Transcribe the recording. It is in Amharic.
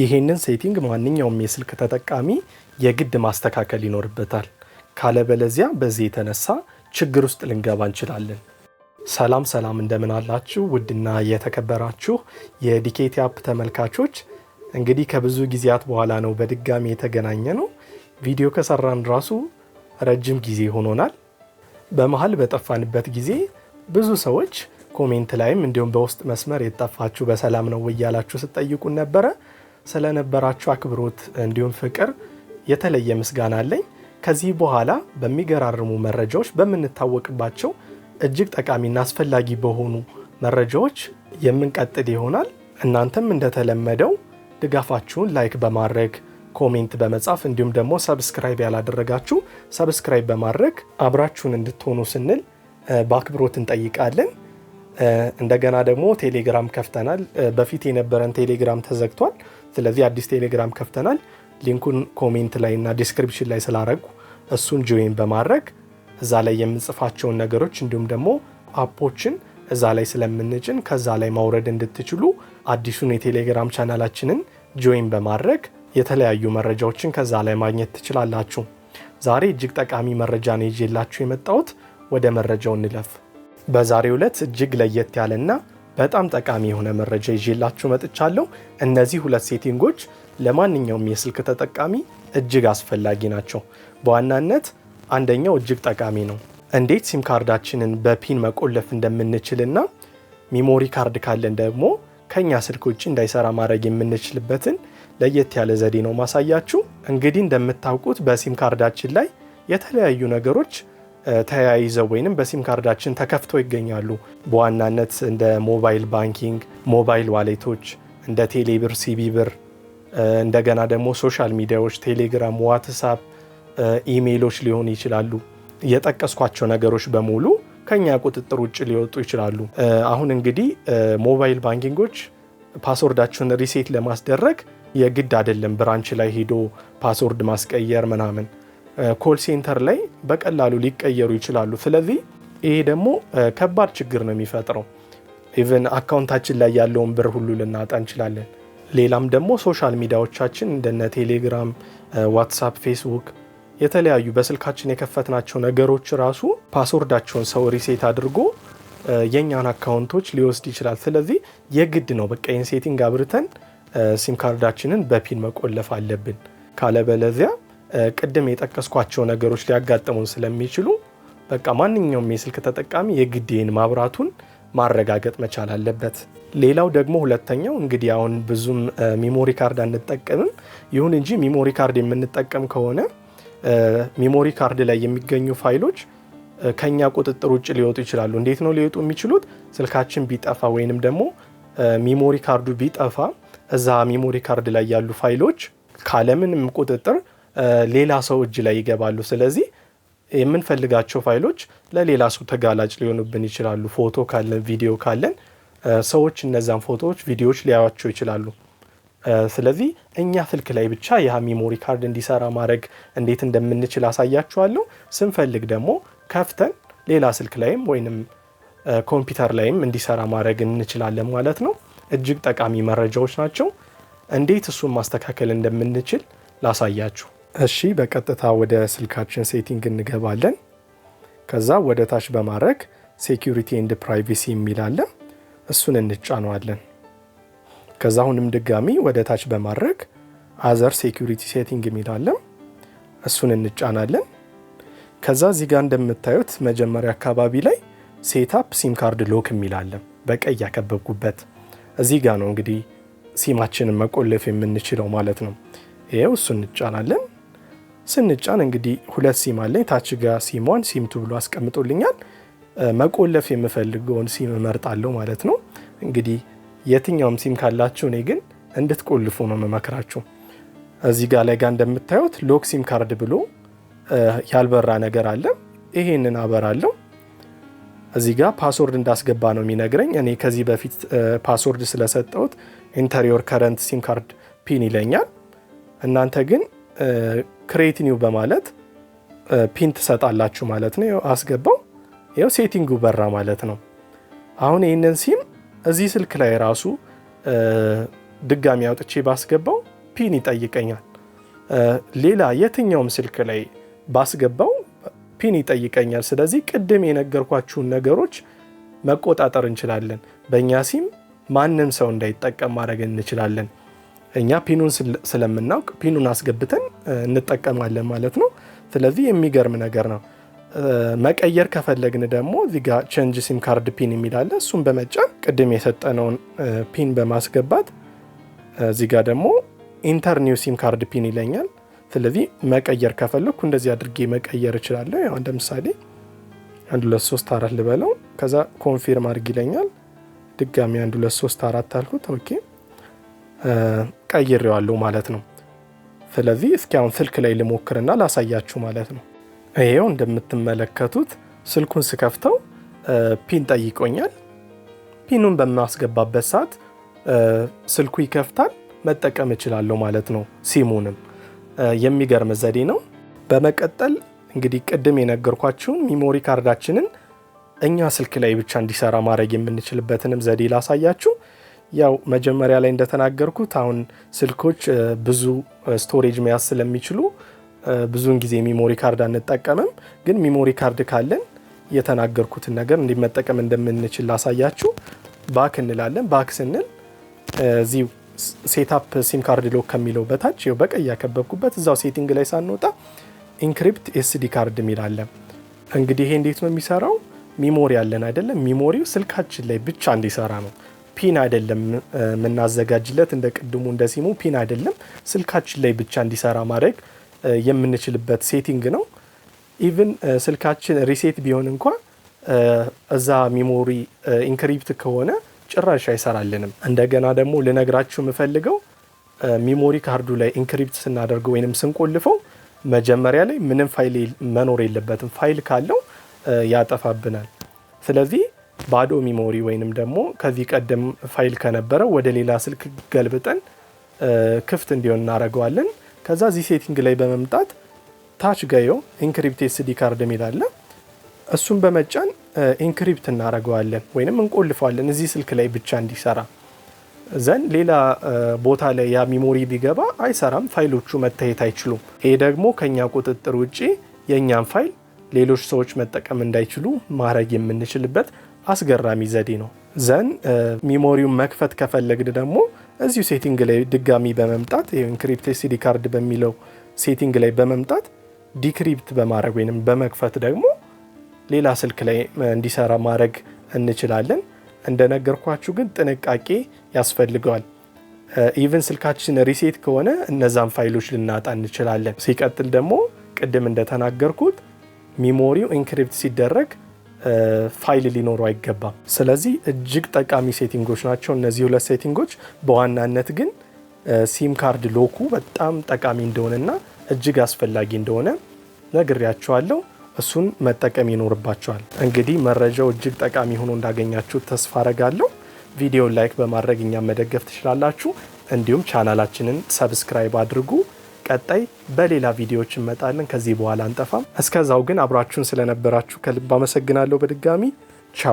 ይሄንን ሴቲንግ ማንኛውም የስልክ ተጠቃሚ የግድ ማስተካከል ይኖርበታል። ካለበለዚያ በዚህ የተነሳ ችግር ውስጥ ልንገባ እንችላለን። ሰላም ሰላም፣ እንደምን አላችሁ ውድና የተከበራችሁ የዲኬቲ አፕ ተመልካቾች፣ እንግዲህ ከብዙ ጊዜያት በኋላ ነው በድጋሚ የተገናኘ ነው። ቪዲዮ ከሰራን ራሱ ረጅም ጊዜ ሆኖናል። በመሀል በጠፋንበት ጊዜ ብዙ ሰዎች ኮሜንት ላይም እንዲሁም በውስጥ መስመር የጠፋችሁ በሰላም ነው እያላችሁ ስጠይቁን ነበረ። ስለነበራችሁ አክብሮት እንዲሁም ፍቅር የተለየ ምስጋና አለኝ። ከዚህ በኋላ በሚገራርሙ መረጃዎች በምንታወቅባቸው እጅግ ጠቃሚና አስፈላጊ በሆኑ መረጃዎች የምንቀጥል ይሆናል። እናንተም እንደተለመደው ድጋፋችሁን ላይክ በማድረግ ኮሜንት በመጻፍ እንዲሁም ደግሞ ሰብስክራይብ ያላደረጋችሁ ሰብስክራይብ በማድረግ አብራችሁን እንድትሆኑ ስንል በአክብሮት እንጠይቃለን። እንደገና ደግሞ ቴሌግራም ከፍተናል። በፊት የነበረን ቴሌግራም ተዘግቷል። ስለዚህ አዲስ ቴሌግራም ከፍተናል። ሊንኩን ኮሜንት ላይ እና ዲስክሪፕሽን ላይ ስላረጉ እሱን ጆይን በማድረግ እዛ ላይ የምንጽፋቸውን ነገሮች እንዲሁም ደግሞ አፖችን እዛ ላይ ስለምንጭን ከዛ ላይ ማውረድ እንድትችሉ አዲሱን የቴሌግራም ቻናላችንን ጆይን በማድረግ የተለያዩ መረጃዎችን ከዛ ላይ ማግኘት ትችላላችሁ። ዛሬ እጅግ ጠቃሚ መረጃ ነው ይዤላችሁ የመጣሁት። ወደ መረጃው እንለፍ። በዛሬው ዕለት እጅግ ለየት ያለና በጣም ጠቃሚ የሆነ መረጃ ይዤላችሁ መጥቻለሁ። እነዚህ ሁለት ሴቲንጎች ለማንኛውም የስልክ ተጠቃሚ እጅግ አስፈላጊ ናቸው። በዋናነት አንደኛው እጅግ ጠቃሚ ነው፣ እንዴት ሲም ካርዳችንን በፒን መቆለፍ እንደምንችልና ሚሞሪ ካርድ ካለን ደግሞ ከኛ ስልክ ውጭ እንዳይሰራ ማድረግ የምንችልበትን ለየት ያለ ዘዴ ነው ማሳያችሁ። እንግዲህ እንደምታውቁት በሲም ካርዳችን ላይ የተለያዩ ነገሮች ተያይዘው ወይም በሲም ካርዳችን ተከፍተው ይገኛሉ። በዋናነት እንደ ሞባይል ባንኪንግ፣ ሞባይል ዋሌቶች እንደ ቴሌብር፣ ብር እንደገና ደግሞ ሶሻል ሚዲያዎች ቴሌግራም፣ ዋትሳፕ፣ ኢሜይሎች ሊሆኑ ይችላሉ። የጠቀስኳቸው ነገሮች በሙሉ ከኛ ቁጥጥር ውጭ ሊወጡ ይችላሉ። አሁን እንግዲህ ሞባይል ባንኪንጎች ፓስወርዳችሁን ሪሴት ለማስደረግ የግድ አይደለም ብራንች ላይ ሄዶ ፓስወርድ ማስቀየር ምናምን ኮል ሴንተር ላይ በቀላሉ ሊቀየሩ ይችላሉ። ስለዚህ ይሄ ደግሞ ከባድ ችግር ነው የሚፈጥረው። ኢቨን አካውንታችን ላይ ያለውን ብር ሁሉ ልናጣ እንችላለን። ሌላም ደግሞ ሶሻል ሚዲያዎቻችን እንደነ ቴሌግራም፣ ዋትሳፕ፣ ፌስቡክ የተለያዩ በስልካችን የከፈትናቸው ነገሮች ራሱ ፓስወርዳቸውን ሰው ሪሴት አድርጎ የእኛን አካውንቶች ሊወስድ ይችላል። ስለዚህ የግድ ነው በቃ ይህን ሴቲንግ አብርተን ሲም ካርዳችንን በፒን መቆለፍ አለብን ካለበለዚያ ቅድም የጠቀስኳቸው ነገሮች ሊያጋጥሙን ስለሚችሉ በቃ ማንኛውም የስልክ ተጠቃሚ የግዴን ማብራቱን ማረጋገጥ መቻል አለበት። ሌላው ደግሞ ሁለተኛው እንግዲህ አሁን ብዙም ሚሞሪ ካርድ አንጠቀምም። ይሁን እንጂ ሚሞሪ ካርድ የምንጠቀም ከሆነ ሚሞሪ ካርድ ላይ የሚገኙ ፋይሎች ከኛ ቁጥጥር ውጭ ሊወጡ ይችላሉ። እንዴት ነው ሊወጡ የሚችሉት? ስልካችን ቢጠፋ ወይንም ደግሞ ሚሞሪ ካርዱ ቢጠፋ እዛ ሚሞሪ ካርድ ላይ ያሉ ፋይሎች ካለምንም ቁጥጥር ሌላ ሰው እጅ ላይ ይገባሉ። ስለዚህ የምንፈልጋቸው ፋይሎች ለሌላ ሰው ተጋላጭ ሊሆኑብን ይችላሉ። ፎቶ ካለን፣ ቪዲዮ ካለን ሰዎች እነዛን ፎቶዎች፣ ቪዲዮዎች ሊያዩቸው ይችላሉ። ስለዚህ እኛ ስልክ ላይ ብቻ ያ ሜሞሪ ካርድ እንዲሰራ ማድረግ እንዴት እንደምንችል አሳያችኋለሁ። ስንፈልግ ደግሞ ከፍተን ሌላ ስልክ ላይም ወይንም ኮምፒውተር ላይም እንዲሰራ ማድረግ እንችላለን ማለት ነው። እጅግ ጠቃሚ መረጃዎች ናቸው። እንዴት እሱን ማስተካከል እንደምንችል ላሳያችሁ እሺ በቀጥታ ወደ ስልካችን ሴቲንግ እንገባለን። ከዛ ወደ ታች በማድረግ ሴኪሪቲ ኤንድ ፕራይቬሲ የሚላለን እሱን እንጫነዋለን። ከዛ አሁንም ድጋሚ ወደ ታች በማድረግ አዘር ሴኪሪቲ ሴቲንግ የሚላለን እሱን እንጫናለን። ከዛ እዚህ ጋር እንደምታዩት መጀመሪያ አካባቢ ላይ ሴታፕ ሲም ካርድ ሎክ የሚላለን በቀይ ያከበብኩበት እዚህ ጋር ነው እንግዲህ ሲማችንን መቆለፍ የምንችለው ማለት ነው። ይኸው እሱን እንጫናለን። ስንጫን እንግዲህ ሁለት ሲም አለኝ። ታች ጋ ሲሟን ሲም ቱ ብሎ አስቀምጦልኛል። መቆለፍ የምፈልገውን ሲም እመርጣለሁ ማለት ነው። እንግዲህ የትኛውም ሲም ካላችሁ እኔ ግን እንድትቆልፉ ነው መመክራችሁ። እዚህ ጋ ላይ ጋ እንደምታዩት ሎክ ሲም ካርድ ብሎ ያልበራ ነገር አለ። ይሄንን አበራለሁ። እዚህ ጋር ፓስወርድ እንዳስገባ ነው የሚነግረኝ። እኔ ከዚህ በፊት ፓስወርድ ስለሰጠሁት ኢንተሪዮር ከረንት ሲም ካርድ ፒን ይለኛል። እናንተ ግን ኒው በማለት ፒን ትሰጣላችሁ ማለት ነው። አስገባው ይኸው ሴቲንጉ በራ ማለት ነው። አሁን ይህንን ሲም እዚህ ስልክ ላይ ራሱ ድጋሚ አውጥቼ ባስገባው ፒን ይጠይቀኛል። ሌላ የትኛውም ስልክ ላይ ባስገባው ፒን ይጠይቀኛል። ስለዚህ ቅድም የነገርኳችሁን ነገሮች መቆጣጠር እንችላለን። በእኛ ሲም ማንም ሰው እንዳይጠቀም ማድረግ እንችላለን። እኛ ፒኑን ስለምናውቅ ፒኑን አስገብተን እንጠቀማለን ማለት ነው። ስለዚህ የሚገርም ነገር ነው። መቀየር ከፈለግን ደግሞ እዚህ ቼንጅ ሲም ካርድ ፒን የሚላለ እሱን በመጫን ቅድም የሰጠነውን ፒን በማስገባት እዚጋ ደግሞ ኢንተር ኒው ሲም ካርድ ፒን ይለኛል። ስለዚህ መቀየር ከፈለግኩ እንደዚህ አድርጌ መቀየር እችላለሁ። ያው እንደ ምሳሌ አንድ ሁለት ሶስት አራት ልበለው፣ ከዛ ኮንፊርም አድርግ ይለኛል። ድጋሚ አንድ ሁለት ሶስት አራት አልኩት። ኦኬ ቀይሬዋለሁ ማለት ነው። ስለዚህ እስኪ አሁን ስልክ ላይ ልሞክርና ላሳያችሁ ማለት ነው። ይሄው እንደምትመለከቱት ስልኩን ስከፍተው ፒን ጠይቆኛል። ፒኑን በማስገባበት ሰዓት ስልኩ ይከፍታል፣ መጠቀም እችላለሁ ማለት ነው። ሲሙንም የሚገርም ዘዴ ነው። በመቀጠል እንግዲህ ቅድም የነገርኳችሁን ሚሞሪ ካርዳችንን እኛ ስልክ ላይ ብቻ እንዲሰራ ማድረግ የምንችልበትንም ዘዴ ላሳያችሁ። ያው መጀመሪያ ላይ እንደተናገርኩት አሁን ስልኮች ብዙ ስቶሬጅ መያዝ ስለሚችሉ ብዙውን ጊዜ ሚሞሪ ካርድ አንጠቀምም። ግን ሚሞሪ ካርድ ካለን የተናገርኩትን ነገር እንዴት መጠቀም እንደምንችል ላሳያችሁ። ባክ እንላለን። ባክ ስንል እዚሁ ሴታፕ ሲም ካርድ ሎክ ከሚለው በታች ው በቀይ ያከበብኩበት እዛው ሴቲንግ ላይ ሳንወጣ ኢንክሪፕት ኤስዲ ካርድ የሚላለን። እንግዲህ ይሄ እንዴት ነው የሚሰራው? ሚሞሪ አለን አይደለም? ሚሞሪው ስልካችን ላይ ብቻ እንዲሰራ ነው። ፒን አይደለም የምናዘጋጅለት እንደ ቅድሙ እንደ ሲሙ ፒን አይደለም፣ ስልካችን ላይ ብቻ እንዲሰራ ማድረግ የምንችልበት ሴቲንግ ነው። ኢቭን ስልካችን ሪሴት ቢሆን እንኳ እዛ ሚሞሪ ኢንክሪፕት ከሆነ ጭራሽ አይሰራልንም። እንደገና ደግሞ ልነግራችሁ የምፈልገው ሚሞሪ ካርዱ ላይ ኢንክሪፕት ስናደርገው ወይንም ስንቆልፈው መጀመሪያ ላይ ምንም ፋይል መኖር የለበትም። ፋይል ካለው ያጠፋብናል። ስለዚህ ባዶ ሚሞሪ ወይንም ደግሞ ከዚህ ቀደም ፋይል ከነበረው ወደ ሌላ ስልክ ገልብጠን ክፍት እንዲሆን እናደርገዋለን። ከዛ እዚህ ሴቲንግ ላይ በመምጣት ታች ገዮ ኢንክሪፕት ኤስዲ ካርድ የሚል እሱን በመጫን ኢንክሪፕት እናደርገዋለን ወይንም እንቆልፈዋለን እዚህ ስልክ ላይ ብቻ እንዲሰራ ዘንድ ሌላ ቦታ ላይ ያ ሚሞሪ ቢገባ አይሰራም፣ ፋይሎቹ መታየት አይችሉም። ይሄ ደግሞ ከኛ ቁጥጥር ውጭ የእኛን ፋይል ሌሎች ሰዎች መጠቀም እንዳይችሉ ማድረግ የምንችልበት አስገራሚ ዘዴ ነው። ዘን ሚሞሪውን መክፈት ከፈለግድ ደግሞ እዚሁ ሴቲንግ ላይ ድጋሚ በመምጣት ኢንክሪፕት ሲዲ ካርድ በሚለው ሴቲንግ ላይ በመምጣት ዲክሪፕት በማድረግ ወይም በመክፈት ደግሞ ሌላ ስልክ ላይ እንዲሰራ ማድረግ እንችላለን። እንደነገርኳችሁ ግን ጥንቃቄ ያስፈልገዋል። ኢቨን ስልካችን ሪሴት ከሆነ እነዛን ፋይሎች ልናጣ እንችላለን። ሲቀጥል ደግሞ ቅድም እንደተናገርኩት ሚሞሪው ኢንክሪፕት ሲደረግ ፋይል ሊኖሩ አይገባም። ስለዚህ እጅግ ጠቃሚ ሴቲንጎች ናቸው እነዚህ ሁለት ሴቲንጎች። በዋናነት ግን ሲም ካርድ ሎኩ በጣም ጠቃሚ እንደሆነና እጅግ አስፈላጊ እንደሆነ ነግሬያቸዋለሁ። እሱን መጠቀም ይኖርባቸዋል። እንግዲህ መረጃው እጅግ ጠቃሚ ሆኖ እንዳገኛችሁ ተስፋ አረጋለሁ። ቪዲዮን ላይክ በማድረግ እኛ መደገፍ ትችላላችሁ። እንዲሁም ቻናላችንን ሰብስክራይብ አድርጉ። ቀጣይ በሌላ ቪዲዮዎች እንመጣለን። ከዚህ በኋላ አንጠፋም። እስከዛው ግን አብራችሁን ስለነበራችሁ ከልብ አመሰግናለሁ። በድጋሚ ቻው።